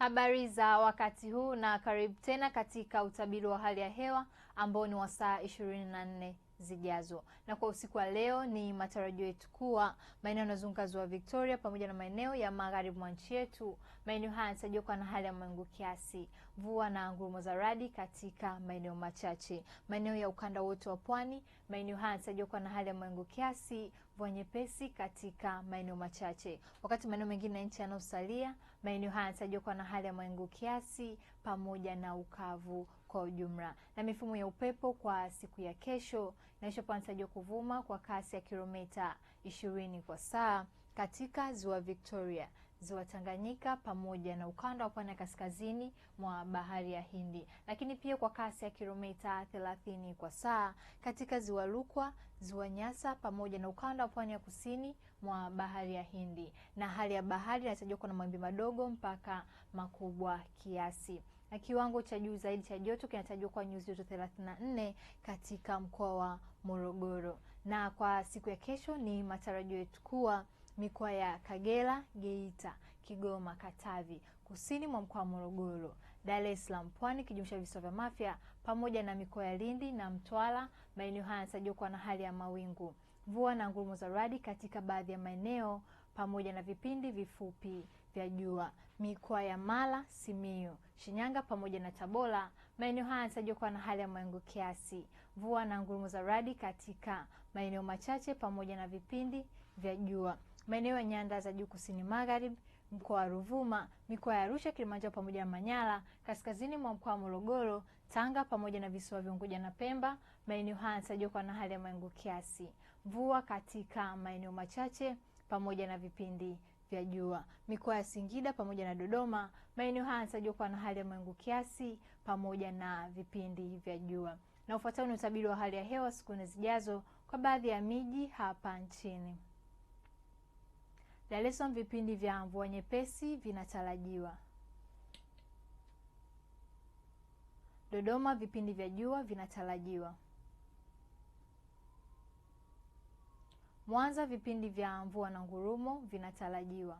Habari za wakati huu na karibu tena katika utabiri wa hali ya hewa ambao ni wa saa 24 zijazo. Na kwa usiku wa leo, ni matarajio yetu kuwa maeneo yanayozunguka ziwa Victoria pamoja na maeneo ya magharibi mwa nchi yetu, maeneo haya yanatarajiwa kuwa na hali ya mawingu kiasi, mvua na ngurumo za radi katika maeneo machache. Maeneo ya ukanda wote wa pwani, maeneo haya yanatarajiwa kuwa na hali ya mawingu kiasi, mvua nyepesi katika maeneo machache, wakati maeneo mengine ya nchi yanayosalia, maeneo haya yanatarajiwa kuwa na hali ya mawingu kiasi pamoja na ukavu kwa ujumla. Na mifumo ya upepo kwa siku ya kesho inatarajiwa kuvuma kwa kasi ya kilomita 20 kwa saa katika ziwa Victoria, ziwa Tanganyika pamoja na ukanda wa pwani ya kaskazini mwa bahari ya Hindi, lakini pia kwa kasi ya kilomita 30 kwa saa katika ziwa Rukwa, ziwa Nyasa pamoja na ukanda wa pwani ya kusini mwa bahari ya Hindi, na hali ya bahari inatajwa kuwa na mawimbi madogo mpaka makubwa kiasi na kiwango cha juu zaidi cha joto kinatajwa kwa nyuzi joto 34 katika mkoa wa Morogoro. Na kwa siku ya kesho ni matarajio yetu kuwa mikoa ya Kagera, Geita, Kigoma, Katavi, kusini mwa mkoa wa Morogoro, Dar es Salaam, Pwani kijumsha visiwa vya Mafia pamoja na mikoa ya Lindi na Mtwara, maeneo haya yanatajwa kuwa na hali ya mawingu, mvua na ngurumo za radi katika baadhi ya maeneo pamoja na vipindi vifupi vya jua mikoa ya Mara, Simiyu, Shinyanga pamoja na Tabora. Maeneo haya yanatarajiwa kuwa na hali ya mawingu kiasi, mvua na ngurumo za radi katika maeneo machache pamoja na vipindi vya jua. Maeneo ya nyanda za juu kusini magharibi, mkoa wa Ruvuma, mikoa ya Arusha, Kilimanjaro pamoja na Manyara, kaskazini mwa mkoa wa Morogoro, Tanga pamoja na visiwa vya Unguja na Pemba. Maeneo haya yanatarajiwa kuwa na hali ya mawingu kiasi, mvua katika maeneo machache pamoja na vipindi vya jua. Mikoa ya Singida pamoja na Dodoma, maeneo haya yanatarajiwa kuwa na hali ya mawingu kiasi pamoja na vipindi vya jua. Na ufuatao ni utabiri wa hali ya hewa siku nne zijazo kwa baadhi ya miji hapa nchini. Dar es Salaam, vipindi vya mvua nyepesi vinatarajiwa. Dodoma, vipindi vya jua vinatarajiwa. Mwanza vipindi vya mvua na ngurumo vinatarajiwa.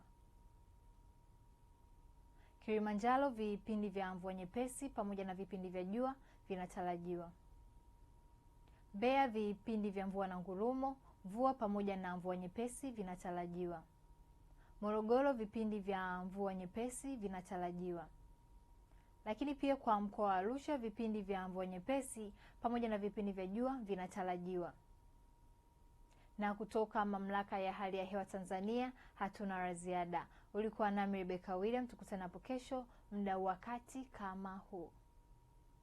Kilimanjaro vipindi vya mvua nyepesi pamoja na vipindi vya jua vinatarajiwa. Mbeya vipindi vya mvua na ngurumo, mvua pamoja na mvua nyepesi vinatarajiwa. Morogoro vipindi vya mvua nyepesi vinatarajiwa. Lakini pia kwa mkoa wa Arusha vipindi vya mvua nyepesi pamoja na vipindi vya jua vinatarajiwa. Na kutoka mamlaka ya hali ya hewa Tanzania hatuna la ziada. Ulikuwa nami Rebeka William, tukutane hapo kesho muda wakati kama huu.